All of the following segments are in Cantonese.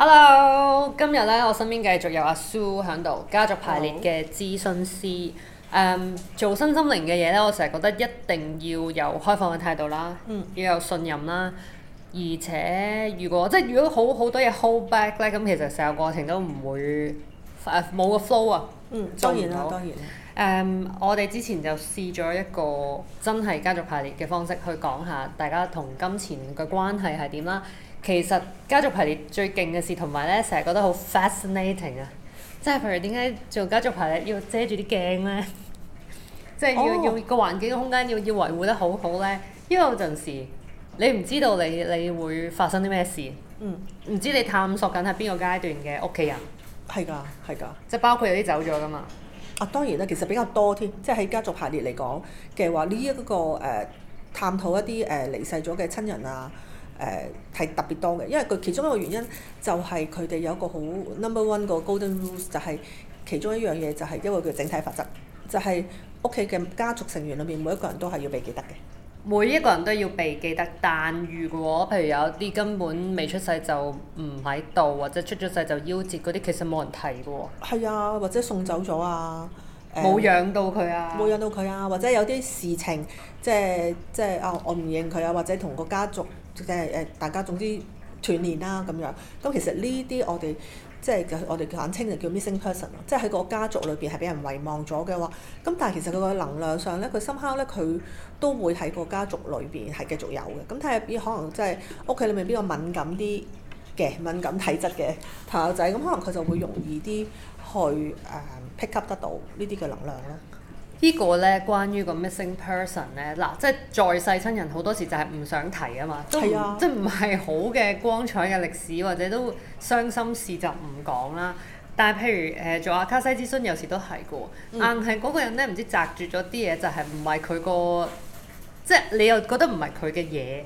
Hello，今日咧我身邊繼續有阿 Sue 喺度家族排列嘅諮詢師，誒 Hello.、um, 做身心靈嘅嘢咧，我成日覺得一定要有開放嘅態度啦，嗯、要有信任啦，而且如果即係如果好好多嘢 hold back 咧，咁其實成個過程都唔會冇、啊、個 flow 啊。嗯，當然，當然啦，當然啦。我哋之前就試咗一個真係家族排列嘅方式去講下大家同金錢嘅關係係點啦。其實家族排列最勁嘅事，同埋咧成日覺得好 fascinating 啊！即係譬如點解做家族排列要遮住啲鏡咧？ 即係要、oh。要個環境空間要要維護得好好咧，因為有陣時你唔知道你你會發生啲咩事。嗯，唔知你探索緊係邊個階段嘅屋企人？係㗎，係㗎。即係包括有啲走咗㗎嘛。啊，當然啦，其實比較多添，即係喺家族排列嚟講嘅話，呢一個誒探討一啲誒離世咗嘅親人啊。誒係、呃、特別多嘅，因為佢其中一個原因就係佢哋有一個好 number one 個 golden rules，就係其中一樣嘢就係因為佢整體法則，就係屋企嘅家族成員裏面每一個人都係要被記得嘅。每一個人都要被記得，但如果譬如有啲根本未出世就唔喺度，或者出咗世就夭折嗰啲，其實冇人提嘅喎。係啊，或者送走咗啊，冇、嗯嗯、養到佢啊，冇養到佢啊，或者有啲事情即係即係啊，我唔認佢啊，或者同個家族。即係誒，大家總之斷連啦咁樣。咁、嗯、其實呢啲我哋即係我哋簡稱就叫 missing person 即係喺個家族裏邊係俾人遺忘咗嘅話。咁、嗯、但係其實佢個能量上咧，佢深刻咧，佢都會喺個家族裏邊係繼續有嘅。咁睇下邊可能即係屋企裏面邊個敏感啲嘅敏感體質嘅朋友仔，咁、嗯、可能佢就會容易啲去、嗯、pick up 得到呢啲嘅能量囉。個呢個咧，關於個 missing person 咧，嗱，即係在世親人好多時就係唔想提啊嘛，都、嗯、即係唔係好嘅光彩嘅歷史，或者都傷心事就唔講啦。但係譬如誒、呃、做阿卡西諮詢，有時都係嘅喎，嗯、硬係嗰個人咧，唔知擲住咗啲嘢，就係唔係佢個，即係你又覺得唔係佢嘅嘢，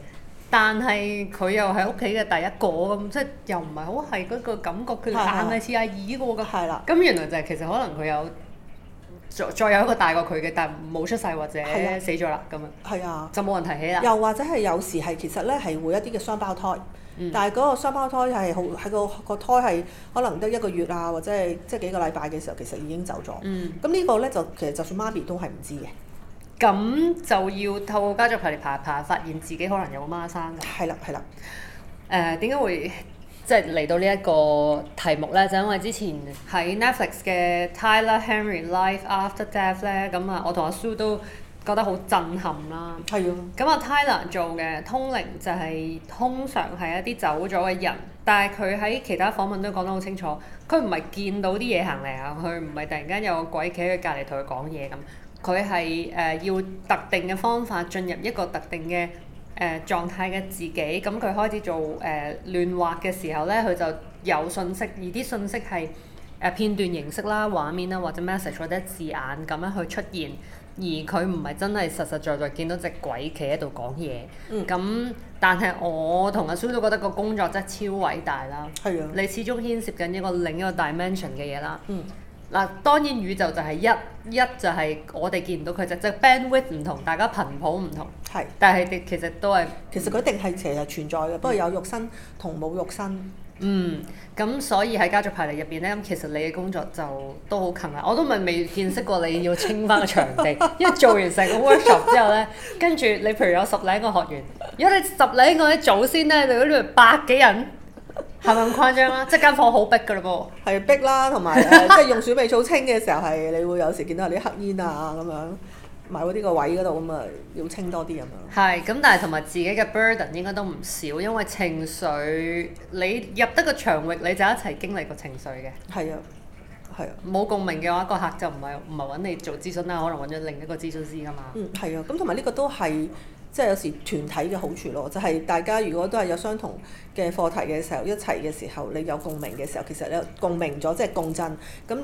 但係佢又係屋企嘅第一個咁，即係又唔係好係嗰個感覺，佢硬係似阿二嘅喎㗎。係啦、嗯。咁原來就係其實可能佢有。再有一個大過佢嘅，但冇出世或者死咗啦，咁啊，樣啊就冇人提起啦。又或者係有時係其實咧係會一啲嘅雙胞胎，嗯、但係嗰個雙胞胎係好喺個、嗰個胎係可能得一個月啊，或者係即係幾個禮拜嘅時候，其實已經走咗。咁、嗯、呢個咧就其實就算媽咪都係唔知嘅，咁、嗯、就要透過家族排嚟爬一爬，爬，發現自己可能有個孖生㗎。係啦係啦，誒點解會？即係嚟到呢一個題目咧，就因為之前喺 Netflix 嘅 Tyler Henry Life After Death 咧，咁啊，我同阿蘇都覺得好震撼啦。係啊。咁阿、嗯、Tyler 做嘅通靈就係、是、通常係一啲走咗嘅人，但係佢喺其他訪問都講得好清楚，佢唔係見到啲嘢行嚟啊，佢唔係突然間有個鬼企喺佢隔離同佢講嘢咁，佢係誒要特定嘅方法進入一個特定嘅。誒、呃、狀態嘅自己，咁、嗯、佢開始做誒、呃、亂畫嘅時候呢，佢就有信息，而啲信息係誒片段形式啦、畫面啦，或者 message 或者字眼咁樣去出現，而佢唔係真係實實在在，在見到隻鬼企喺度講嘢。嗯，嗯。咁，但係我同阿 s 蘇都覺得個工作真係超偉大啦。係是啊。你始終牽涉緊一個另一個 dimension 嘅嘢啦。嗯。嗱，當然宇宙就係一，一就係我哋見唔到佢啫，即係、bandwidth 唔同，大家頻譜唔同，係是，但係其實都係，其實佢一定係成日存在嘅，不過、嗯、有肉身同冇肉身。嗯，咁所以喺家族排列入邊咧，咁其實你嘅工作就都好勤啊，我都唔係未見識過你要清翻個場地， 因為做完成個 workshop 之後咧， 跟住你譬如有十零個學員，如果你十零個嘅祖先咧，你可能百幾人。係咪咁誇張、啊、 啦？即係間房好逼㗎嘞噃。係逼啦，同埋即係用鼠尾草清嘅時候，係你會有時見到有啲黑煙啊咁樣，埋嗰啲個位嗰度咁啊，要清多啲咁啊。係， 咁但係同埋自己嘅 burden 應該都唔少，因為情緒你入得個場域，你就一齊經歷個情緒嘅。係啊，係啊。冇共鳴嘅話，個客就唔係唔係揾你做諮詢啦、啊，可能揾咗另一個諮詢師㗎嘛。嗯，係啊，咁同埋呢個都係。 即係有時團體嘅好處咯，就係大家如果都係有相同嘅課題嘅時候，一齊嘅時候，你有共鳴嘅時候，其實你有共鳴咗，即係共振。咁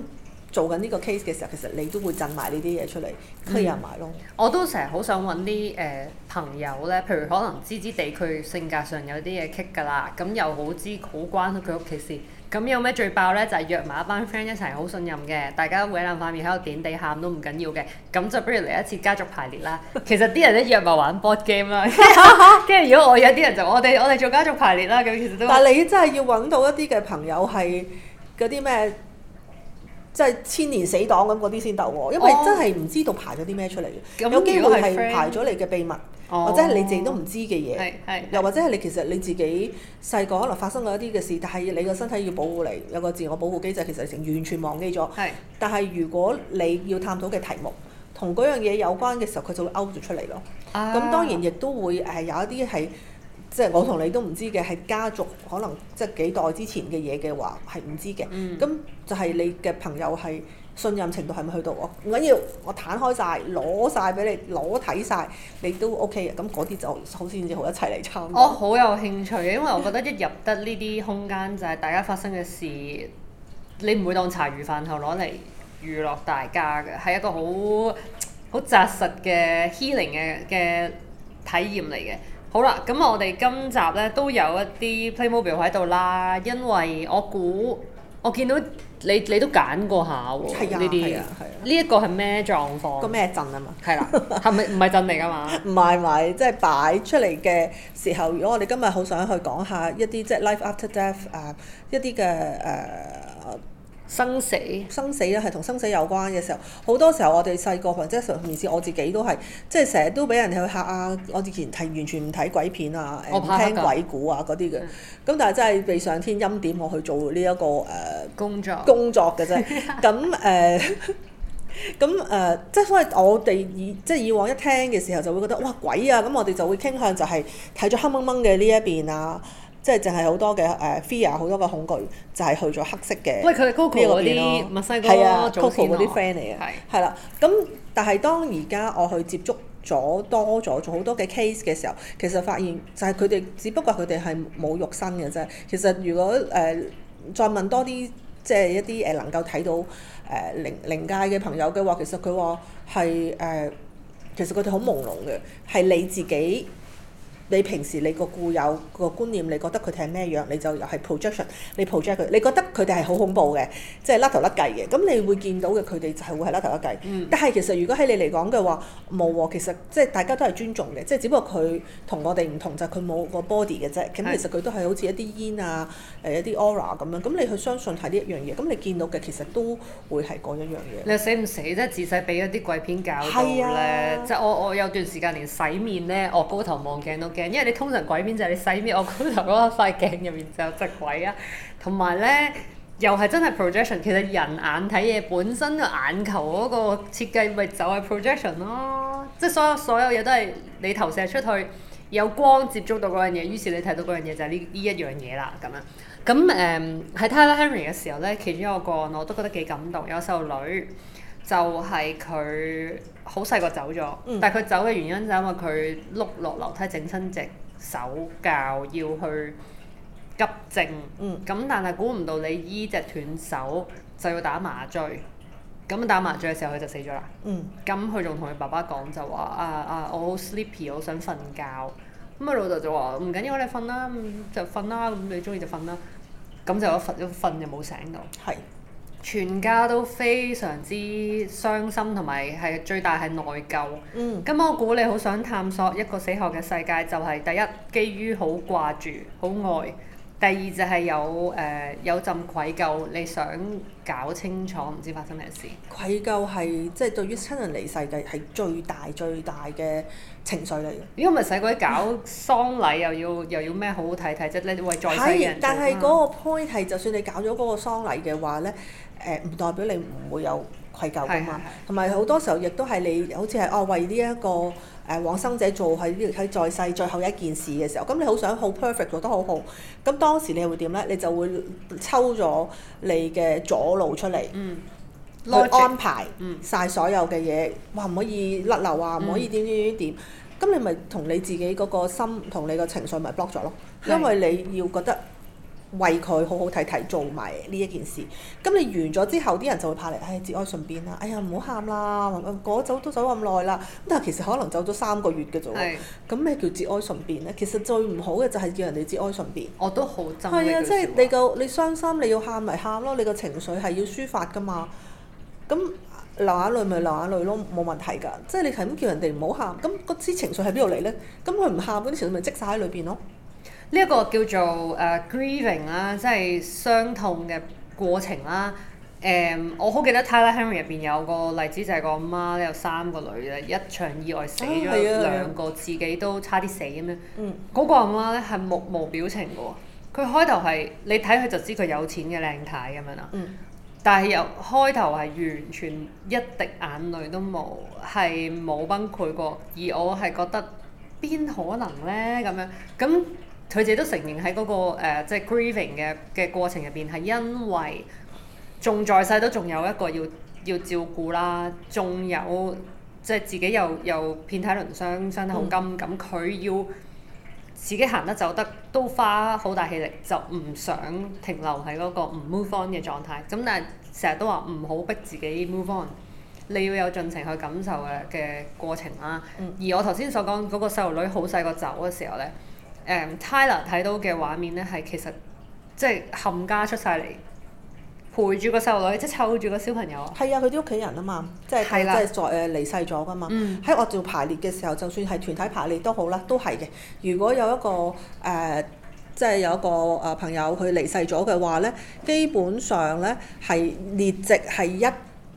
做緊呢個 case 嘅時候，其實你都會震埋呢啲嘢出嚟，吸引埋咯。我都成日好想揾啲誒朋友咧，譬如可能知知地，佢性格上有啲嘢棘㗎啦，咁又好知好關佢屋企事。咁有咩最爆咧？就係、是、約埋一班 friend 一齊，好信任嘅，大家搲爛塊面喺度點地喊都唔緊要嘅。咁就不如嚟一次家族排列啦。 其實啲人咧約埋玩 board game 啦，跟住如果我有啲人就我哋我哋做家族排列啦。咁其實都但係你真係要揾到一啲嘅朋友係嗰啲咩，即、就、係、是、千年死黨咁嗰啲先得喎，因為真係唔知道排咗啲咩出嚟嘅，哦、有機會係排咗你嘅秘密。嗯 Oh. 或者係你自己都唔知嘅嘢，又或者係你其實你自己細個可能發生過一啲嘅事，事，但係你個身體要保護你，有個自我保護機制，其實成完全忘記咗。是但係如果你要探討嘅題目同嗰樣嘢有關嘅時候，佢就會勾住出嚟咯。咁、ah. 當然亦都會誒有一啲係即係我同你都唔知嘅，係、mm. 家族可能即係幾代之前嘅嘢嘅話係唔知嘅。咁、mm. 就係你嘅朋友係。信任程度係咪去到？唔緊要，我攤開晒，攞晒俾你攞睇晒，你都 O K 嘅，咁嗰啲就好先至好一齊嚟參加，我好有興趣嘅，因為我覺得一入得呢啲空間 就係大家發生嘅事，你唔會當茶餘飯後攞嚟娛樂大家嘅，係一個好好紮實嘅 healing 嘅嘅體驗嚟嘅。好啦，咁我哋今集呢，都有一啲 Playmobil 喺度啦，因為我估。我見到你你都揀過下喎、哦，呢啲呢一個係咩狀況？個咩陣啊嘛？係啦、啊，係咪唔係陣嚟㗎嘛？唔係唔係，即係、就是、擺出嚟嘅時候，如果我哋今日好想去講一下一啲即係 life after death 啊、呃，一啲嘅誒。呃生死，生死咧係同生死有關嘅時候，好多時候我哋細個，或者上甚至我自己都係，即係成日都俾人哋去嚇啊！我之前睇完全唔睇鬼片啊，唔、呃、聽鬼故啊嗰啲嘅，咁、嗯、但係真係被上天欽點我去做呢、這、一個誒、呃、工作工作嘅啫。咁誒，咁、呃、誒、呃，即係所以我哋以即係以往一聽嘅時候，就會覺得哇鬼啊！咁我哋就會傾向就係睇咗黑掹掹嘅呢一邊啊。即係淨係好多嘅誒、uh, fear 好多嘅恐懼，就係、是、去咗黑色嘅。喂，佢哋 Coco 嗰啲墨西哥祖先囉。係啊，Coco 嗰啲 friend 嚟嘅。係。係啦，咁的但係當而家我去接觸咗多咗，做好多嘅 case 嘅時候，其實發現就係佢哋，只不過佢哋係冇肉身嘅啫。其實如果誒、uh, 再問多啲，即係一啲誒能夠睇到誒、uh, 靈靈界嘅朋友嘅話，其實佢話係誒，uh, 其實佢哋好朦朧嘅，係你自己。你平時你個固有個觀念，你覺得佢哋係咩樣？你就又係 projection，你 project 佢。你覺得佢哋係好恐怖嘅，即係甩頭甩計嘅。咁你會見到嘅佢哋就係會係甩頭甩計。嗯、但係其實如果喺你嚟講嘅話，冇喎、哦。其實即係大家都係尊重嘅，即係只不過佢同我哋唔同就係佢冇個 body 嘅啫。咁其實佢都係好似一啲煙啊，誒、呃、一啲 aura 咁樣。咁你去相信係呢一樣嘢。咁你見到嘅其實都會係嗰一樣嘢。你死唔死啫？自細俾一啲鬼片教到咧。係啊、即係我我有段時間連洗面咧，我高頭望鏡都～因為你通常鬼片就係你洗面，我高頭嗰個塊鏡入面就有隻鬼啊，同埋咧又係真係 projection。其實人眼睇嘢本身個眼球嗰個設計，咪就係 projection 咯。即係所有所有嘢都係你投射出去，有光接觸到嗰樣嘢，於是你睇到嗰樣嘢就係呢呢一樣嘢啦咁樣。咁誒喺 Tyler Henry 嘅、嗯、時候咧，其中一個，個案我我都覺得幾感動，有細路女。就係佢好細個走咗，嗯、但係佢走嘅原因就係因為佢碌落樓梯整親隻手，教要去急症。咁、嗯、但係估唔到你呢隻斷手就要打麻醉，咁打麻醉嘅時候佢就死咗啦。咁佢仲同佢爸爸講就話啊啊，我好 sleepy，我想瞓覺。咁佢老豆就話唔緊要，我哋瞓啦，就瞓啦，咁你中意就瞓啦。咁就一瞓一瞓就冇醒到。係。全家都非常之傷心，同埋係最大係內疚。嗯，咁我估你好想探索一個死後嘅世界，就係、係、第一基於好掛住、好愛；第二就係有誒、呃、有陣愧疚，你想搞清楚唔知發生咩事。愧疚係即係對於親人離世嘅係最大最大嘅情緒嚟嘅。如果唔係，使鬼搞喪禮，又要又要咩好好睇睇？即係你為再死人。係，但係嗰個 point 係，就算你搞咗嗰個喪禮嘅話呢。誒唔、呃、代表你唔會有愧疚㗎嘛，同埋好多時候亦都係你好似係哦為呢、這、一個誒、呃、往生者做喺啲喺在世最後一件事嘅時候，咁、嗯、你好想好 perfect 做得好好，咁、嗯嗯、當時你會點咧？你就會抽咗你嘅左腦出嚟，嗯、logic，去安排晒所有嘅嘢，嗯、哇唔可以甩漏，啊，唔可以點點點點，咁、嗯、你咪同你自己嗰個心同你個情緒咪 block 咗咯，因為你要覺得。為佢好好睇睇做埋呢一件事，咁、嗯、你完咗之後，啲人就會怕你「唉，節哀順變啦，哎呀，唔好喊啦，嗰走都走咁耐啦，但係其實可能走咗三個月嘅啫喎，咁咩的、嗯、叫節哀順變咧？其實最唔好嘅就係叫人哋節哀順變。我都好憎呢句話。係啊，即係你個你傷心，你要喊咪喊咯，你個情緒係要抒發噶嘛，咁流眼淚咪流眼淚咯，冇問題㗎，即係你係咁叫人哋唔好喊，咁個啲情緒喺邊度嚟呢？咁佢唔喊，嗰啲情緒咪積晒喺裏邊咯。呢一個叫做誒、uh, grieving 啦，即係傷痛嘅過程啦。誒、嗯，我好記得《Tyler Henry》入邊有個例子，就係、是、個阿媽咧，有三個女嘅，一場意外死咗兩、啊啊啊啊、個，自己都差啲死咁樣。嗯，嗰個阿媽咧係目無表情嘅喎。佢開頭係你睇佢就知佢有錢嘅靚太咁樣啦。嗯、但係又開頭係完全一滴眼淚都冇，係冇崩潰過。而我係覺得邊可能呢？咁樣咁？佢哋都承認喺嗰個、呃、即係 grieving 嘅嘅過程入邊。係因為仲在世都仲有一個要要照顧啦，仲有即係自己又又遍體鱗傷，傷得好金，咁佢、嗯、要自己行得走得都花好大氣力，就唔想停留喺嗰個唔 move on 嘅狀態。咁但係成日都話唔好逼自己 move on，你要有盡情去感受嘅嘅過程啦。嗯、而我頭先所講嗰個細路女好細個走嘅時候呢。誒、um, Tyler 睇到嘅畫面咧，係其實即係冚家出晒嚟，陪住個細路女，即係湊住個小朋友。係啊，佢啲屋企人啊嘛，即係的即係在誒離世咗㗎嘛。喺、嗯、我做排列嘅時候，就算係團體排列都好啦，都係嘅。如果有一個誒，即、呃、係、就是、有一個誒朋友佢離世咗嘅話咧，基本上咧係列席係一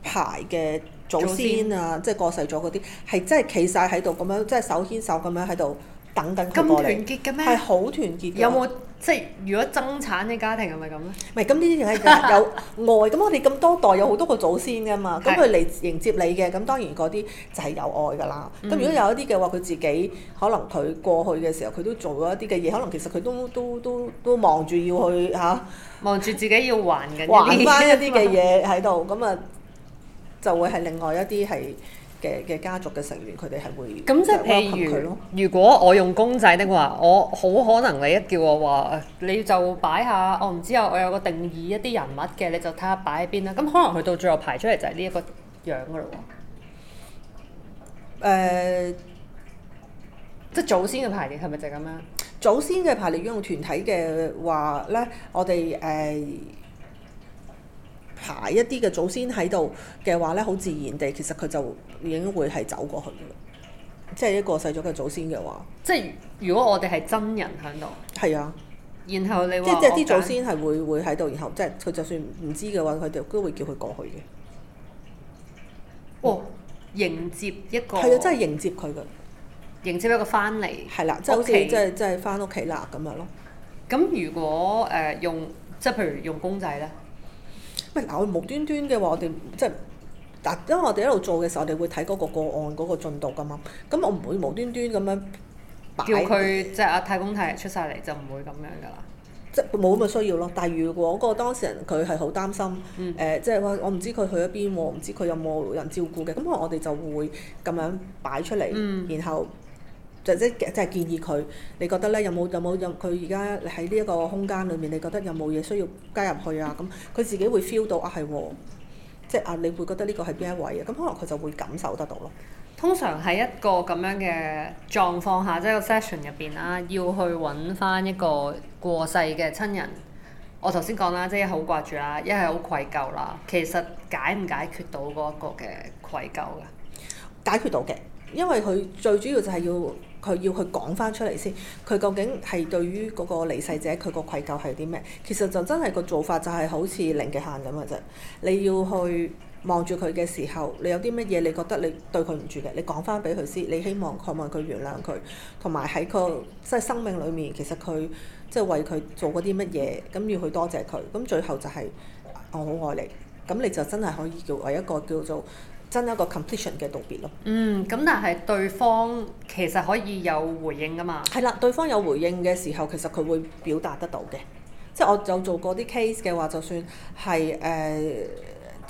排嘅祖先啊，先即係過世咗嗰啲，係真係企晒喺度咁樣，即係手牽手咁樣喺度。咁團結嘅咩？係好團結嘅。有冇即係如果增產嘅家庭係咪咁咧？唔係，咁呢啲係有愛。咁我哋咁多代有好多個祖先㗎嘛。咁佢嚟迎接你嘅，咁當然嗰啲就係有愛㗎啦。咁如果有一啲嘅話，佢自己可能佢過去嘅時候，佢都做咗一啲嘅嘢，可能其實佢都都都都望住要去嚇。望、啊、住自己要還嘅。還翻一啲嘅嘢喺度，咁啊就會係另外一啲係。嘅嘅家族嘅成員，佢哋係會咁即係 w 譬如，咯如果我用公仔的話，我好可能你一叫我話，你就擺下我唔、哦、知啊，我有個定義一啲人物嘅，你就睇下擺喺邊啦。咁、嗯、可能去到最後排出嚟就係呢一個樣噶咯喎。呃、即係祖先嘅排列係咪就係咁樣？祖先嘅排列用團體嘅話咧，我哋誒。呃排一啲嘅祖先喺度嘅話咧，好自然地，其實佢就已經會係走過去嘅啦。即係一個逝咗嘅祖先嘅話，即係如果我哋係真人喺度，係啊然，然後你即即係啲祖先係會會喺度，然後即係佢就算唔知嘅話，佢哋都會叫佢過去嘅。哦，迎接一個係、嗯、啊，真係迎接佢嘅，迎接一個翻嚟係啦，即係好似即係即係翻屋企啦咁樣咯。咁如果誒用、呃、即係譬如用公仔咧？唔係嗱，我無端端嘅話，我哋即係嗱，因為我哋一路做嘅時候，我哋會睇嗰個個案嗰個進度噶嘛。咁我唔會無端端咁樣擺，叫佢即係阿太公太爺出晒嚟，就唔會咁樣噶啦。即係冇咁嘅需要咯。但係如果個當事人佢係好擔心，誒、嗯呃，即係話我唔知佢去咗邊喎，唔知佢有冇人照顧嘅，咁我哋就會咁樣擺出嚟，嗯、然後，就即係即係建議佢，你覺得咧有冇有冇任佢而家喺呢一個空間裏面，你覺得有冇嘢需要加入去啊？咁佢自己會 feel 到啊，係喎，即係啊，你會覺得呢個係邊一位啊？咁可能佢就會感受得到咯。通常喺一個咁樣嘅狀況下，即係個 session 入邊啦，要去揾翻一個過世嘅親人。我頭先講啦，即係好掛住啦，一係好愧疚啦。其實解唔解決到嗰個嘅愧疚噶？解決到嘅，因為佢最主要就係要。佢要去講翻出嚟先，佢究竟係對於嗰個離世者，佢個愧疚係啲咩？其實就真係個做法就係好似零極限咁嘅啫。你要去望住佢嘅時候，你有啲乜嘢你覺得你對佢唔住嘅，你講翻俾佢先。你希望渴望佢原諒佢，同埋喺個即係生命裏面，其實佢即係為佢做過啲乜嘢，咁要去多謝佢。咁最後就係、是、我好愛你，咁你就真係可以叫為一個叫做。真一個 completion 嘅道別咯。嗯，咁但係對方其實可以有回應噶嘛？係啦，對方有回應嘅時候，其實佢會表達得到嘅。即係我有做過啲 case 嘅話，就算係誒，即、呃、係、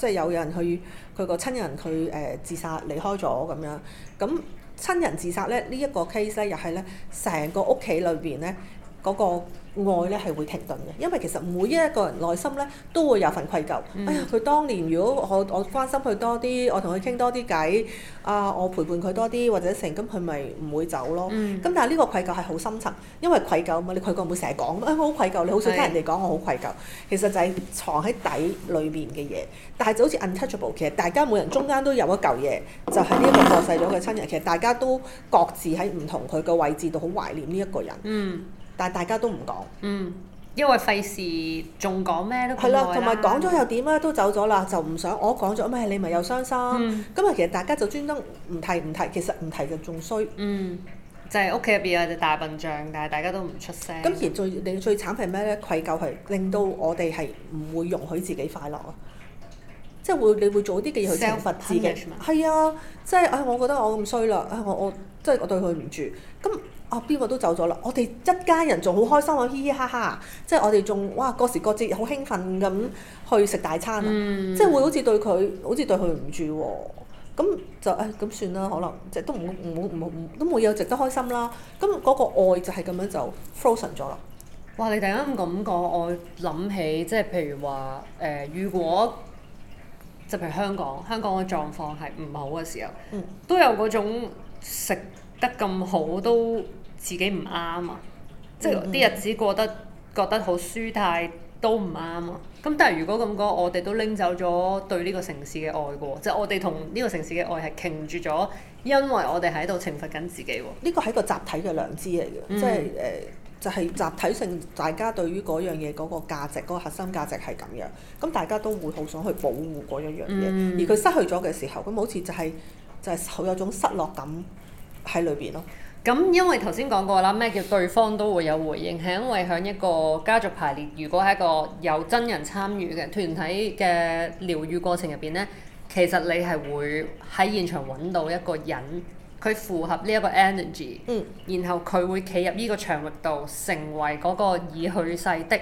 就是、有人去佢個親人佢誒、呃、自殺離開咗咁樣。咁親人自殺咧，呢、這、一個 case 咧又係咧，成個屋企裏邊咧嗰、那個。愛咧係會停頓嘅，因為其實每一個人內心咧都會有份愧疚。嗯、哎呀，佢當年，如果我我關心佢多啲，我同佢傾多啲偈，啊，我陪伴佢多啲或者成，咁佢咪唔會走咯。咁、嗯、但係呢個愧疚係好深層，因為愧疚嘛，你愧疚唔會成日講，誒，我好愧疚，你好少聽人哋講我好愧疚。愧疚愧疚是其實就係藏喺底裏面嘅嘢，但係就好似 untouchable，其實大家每人中間都有一嚿嘢，就係呢一個過世咗嘅親人。其實大家都各自喺唔同佢嘅位置度好懷念呢一個人。嗯。但大家都唔講，嗯，因為費事仲講咩都係啦，同埋講咗又點啊？都走咗啦，就唔想我講咗咩，你咪又傷心。咁啊、嗯，其實大家就專登唔提唔提，其實唔提就仲衰。嗯，就係屋企入邊有隻大笨象，但係大家都唔出聲。咁、嗯、而最令最慘係咩咧？愧疚係令到我哋係唔會容許自己快樂啊！嗯、即係會你會做啲嘅嘢去懲罰自己。係啊，即係唉，我覺得我咁衰啦，唉、哎，我我即係我，我，我，我、就是、我對佢唔住咁。啊！邊個都走咗啦！我哋一家人仲好開心啊，嘻嘻哈哈，即係我哋仲哇過時過節好興奮咁去食大餐啊、嗯哦哎！即係會好似對佢好似對佢唔住喎，咁就誒咁算啦，可能即係都唔冇冇冇都冇嘢值得開心啦。咁嗰個愛就係咁樣就 frozen 咗啦。哇！你突然間咁講，我諗起即係譬如話誒、呃，如果就譬如香港，香港嘅狀況係唔好嘅時候，嗯、都有嗰種食得咁好都。自己唔啱啊！即係啲、mm hmm. 日子過得覺得好舒泰都唔啱啊！咁但係如果咁講，我哋都拎走咗對呢個城市嘅愛喎，即、就、係、是、我哋同呢個城市嘅愛係傾住咗，因為我哋喺度懲罰緊自己喎、啊。呢個係個集體嘅良知嚟嘅，即係誒，就係、是、集體性大家對於嗰樣嘢嗰個價值、嗰、那個核心價值係咁樣。咁大家都會好想去保護嗰一樣嘢，mm hmm. 而佢失去咗嘅時候，咁好似就係、是、就係、是、好有種失落感喺裏邊咯。咁因為頭先講過啦，咩叫對方都會有回應？係因為響一個家族排列，如果係一個有真人參與嘅團體嘅療癒過程入邊呢，其實你係會喺現場揾到一個人，佢符合呢一個 energy，嗯，然後佢會企入呢個場域度，成為嗰個已去世的，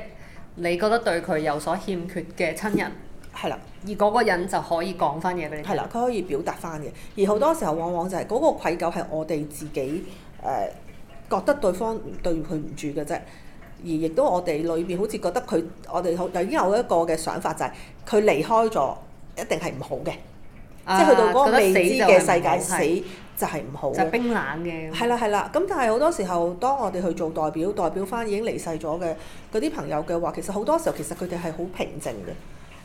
你覺得對佢有所欠缺嘅親人，係啦，而嗰個人就可以講翻嘢俾你聽，係啦，佢可以表達翻嘅，而好多時候往往就係嗰個愧疚係我哋自己。誒、uh, 覺得對方對佢唔住嘅啫，而亦都我哋裏邊好似覺得佢我哋好已經有一個嘅想法，就係，就係佢離開咗一定係唔好嘅，啊、即係去到嗰個未知嘅世界，啊、死就係唔好嘅，好冰冷嘅，係啦係啦。咁是但係好多時候，當我哋去做代表，代表返已經離世咗嘅嗰啲朋友嘅話，其實好多時候其實佢哋係好平靜嘅，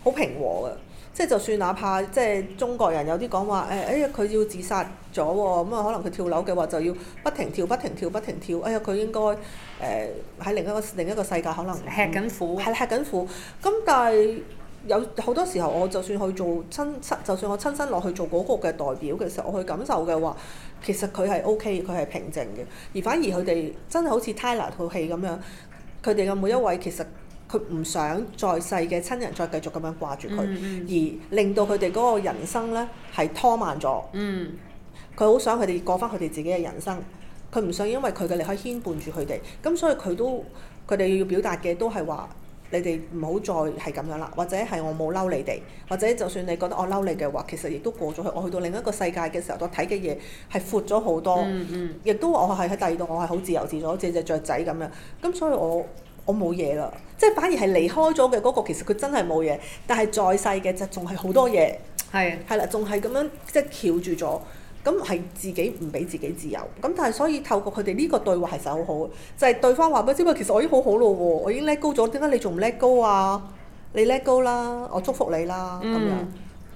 好平和嘅。即係就算哪怕，即係中國人有啲講話，誒，哎呀佢、哎、要自殺咗咁啊，可能佢跳樓嘅話就要不停跳、不停跳、不停跳。哎呀佢應該誒喺另一個另一個世界可能、嗯、吃緊苦，係吃緊苦。咁、嗯、但係有好多時候，我就算去做親，就算我親身落去做嗰個嘅代表嘅時候，我去感受嘅話，其實佢係 OK，佢係平靜嘅。而反而佢哋真係好似 Taylor 套戲咁樣，佢哋嘅每一位其實。佢唔想在世嘅親人再繼續咁樣掛住佢，mm hmm. 而令到佢哋嗰個人生呢係拖慢咗。佢好、mm hmm. 想佢哋過翻佢哋自己嘅人生。佢唔想因為佢嘅離開牽絆住佢哋。咁所以佢都佢哋要表達嘅都係話：你哋唔好再係咁樣啦，或者係我冇嬲你哋，或者就算你覺得我嬲你嘅話，其實亦都過咗去。我去到另一個世界嘅時候，我睇嘅嘢係闊咗好多，亦、mm hmm. 都我係喺第二度，我係好自由自在，好似隻雀仔咁樣。咁所以我我冇嘢啦，即係反而係離開咗嘅嗰個，其實佢真係冇嘢，但係在世嘅就仲係好多嘢，係係啦，仲係咁樣即係翹住咗，咁係自己唔俾自己自由，咁但係所以透過佢哋呢個對話係實好好，就係、是、對方話乜之嘛，其實我已經好好咯喎，我已經 let go 咗，點解你仲唔 let go 啊？你 let go 啦，我祝福你啦，咁樣，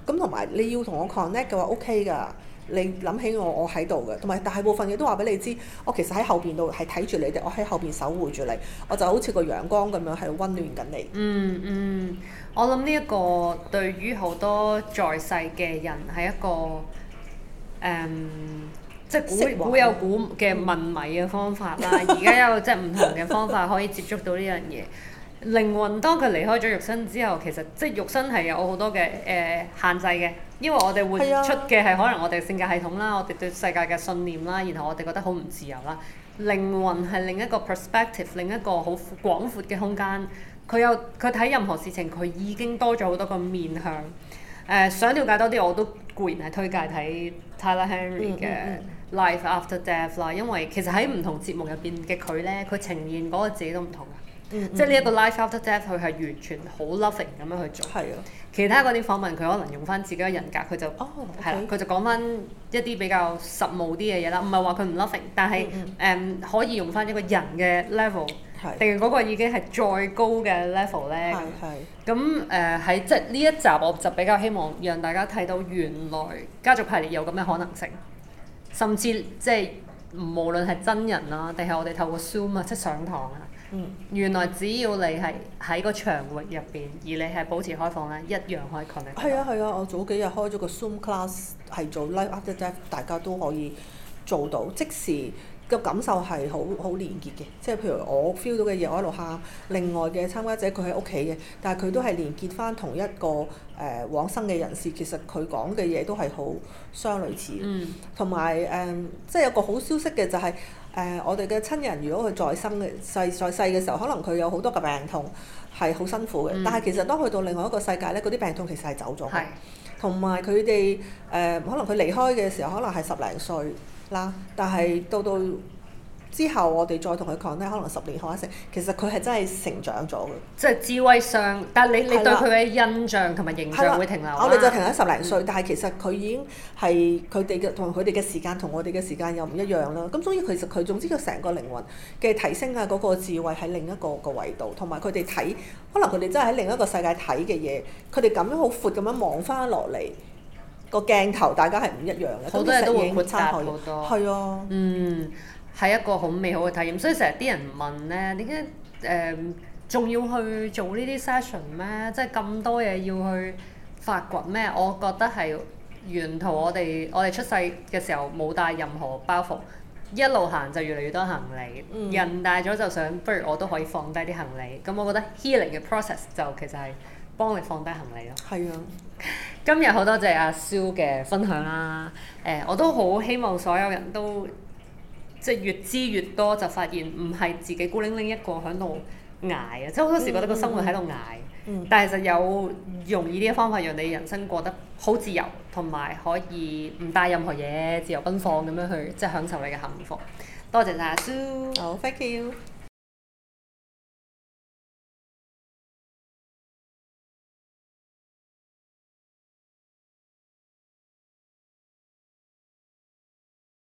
咁同埋你要同我 connect 嘅話，OK 噶。你諗起我，我喺度嘅，同埋大部分嘢都話俾你知，我其實喺後邊度係睇住你哋，我喺後邊守護住你，我就好似個陽光咁樣係溫暖緊你。嗯嗯，我諗呢一個對於好多在世嘅人係一個誒、嗯，即係古古有古嘅問米嘅方法啦，而家、嗯、有 即係唔同嘅方法可以接觸到呢樣嘢。靈魂當佢離開咗肉身之後，其實即係肉身係有好多嘅誒、呃、限制嘅，因為我哋活出嘅係可能我哋嘅性格系統啦，我哋對世界嘅信念啦，然後我哋覺得好唔自由啦。靈魂係另一個 perspective，另一個好廣闊嘅空間。佢有佢睇任何事情，佢已經多咗好多個面向。誒、呃，想了解多啲，我都固然係推介睇 Tyler Henry 嘅《Life After Death》啦，因為其實喺唔同節目入邊嘅佢咧，佢呈現嗰個自己都唔同嘅。Mm hmm. 即係呢一個 Life After Death，佢係完全好 loving 咁樣去做。係、啊、其他嗰啲訪問佢可能用翻自己嘅人格，佢就係啦，佢、oh, okay. 就講翻一啲比較實務啲嘅嘢啦。唔係話佢唔 loving，但係誒、mm hmm. um, 可以用翻一個人嘅 level，定係嗰個已經係再高嘅 level 咧？咁誒喺即係呢一集，我就比較希望讓大家睇到原來家族排列有咁嘅可能性，甚至即係無論係真人啊，定係我哋透過 Zoom 啊，即、就、係、是、上堂啊。嗯、原來只要你係喺個場域入邊，而你係保持開放咧，一樣可以 connect。係啊係啊，我早幾日開咗個 Zoom class，係做 life after death，大家都可以做到，即時嘅感受係好好連結嘅。即係譬如我 feel 到嘅嘢，我喺度喊，另外嘅參加者佢喺屋企嘅，但係佢都係連結翻同一個誒、呃、往生嘅人士，其實佢講嘅嘢都係好相類似。同埋誒，嗯嗯、即係有個好消息嘅就係、是。誒、呃，我哋嘅親人，如果佢在生嘅細在世嘅時候，可能佢有好多嘅病痛，係好辛苦嘅。嗯、但係其實當去到另外一個世界咧，嗰啲病痛其實係走咗嘅。同埋佢哋誒，可能佢離開嘅時候，可能係十零歲啦。但係到到。之後我哋再同佢講咧，可能十年、二十年，其實佢係真係成長咗嘅。即係智慧上，但係你你對佢嘅印象同埋形象會停留。的啊、我哋就停留十零歲，嗯、但係其實佢已經係佢哋嘅同佢哋嘅時間同我哋嘅時間又唔一樣啦。咁所以其實佢總之佢成個靈魂嘅提升啊，嗰、嗰個智慧喺另一個個位度，同埋佢哋睇，可能佢哋真係喺另一個世界睇嘅嘢，佢哋咁樣好闊咁樣望翻落嚟，個鏡頭大家係唔一樣嘅。好多人都會豁差好多，係啊，嗯。係一個好美好嘅體驗，所以成日啲人問咧，點解誒仲要去做呢啲 session 咩？即係咁多嘢要去發掘咩？我覺得係沿途我哋我哋出世嘅時候冇帶任何包袱，一路行就越嚟越多行李。嗯、人大咗就想，不如我都可以放低啲行李。咁我覺得 healing 嘅 process 就其實係幫你放低行李咯。係是啊， 今日好多謝阿蕭嘅 分享啦、啊。誒、呃，我都好希望所有人都～即係越知越多，就發現唔係自己孤零零一個喺度捱啊！即係好多時覺得個生活喺度捱，mm hmm. mm hmm. 但係就有容易啲嘅方法，讓你人生過得好自由，同埋可以唔帶任何嘢自由奔放咁樣去，即係享受你嘅幸福。多謝晒，阿 Sue。好，thank you。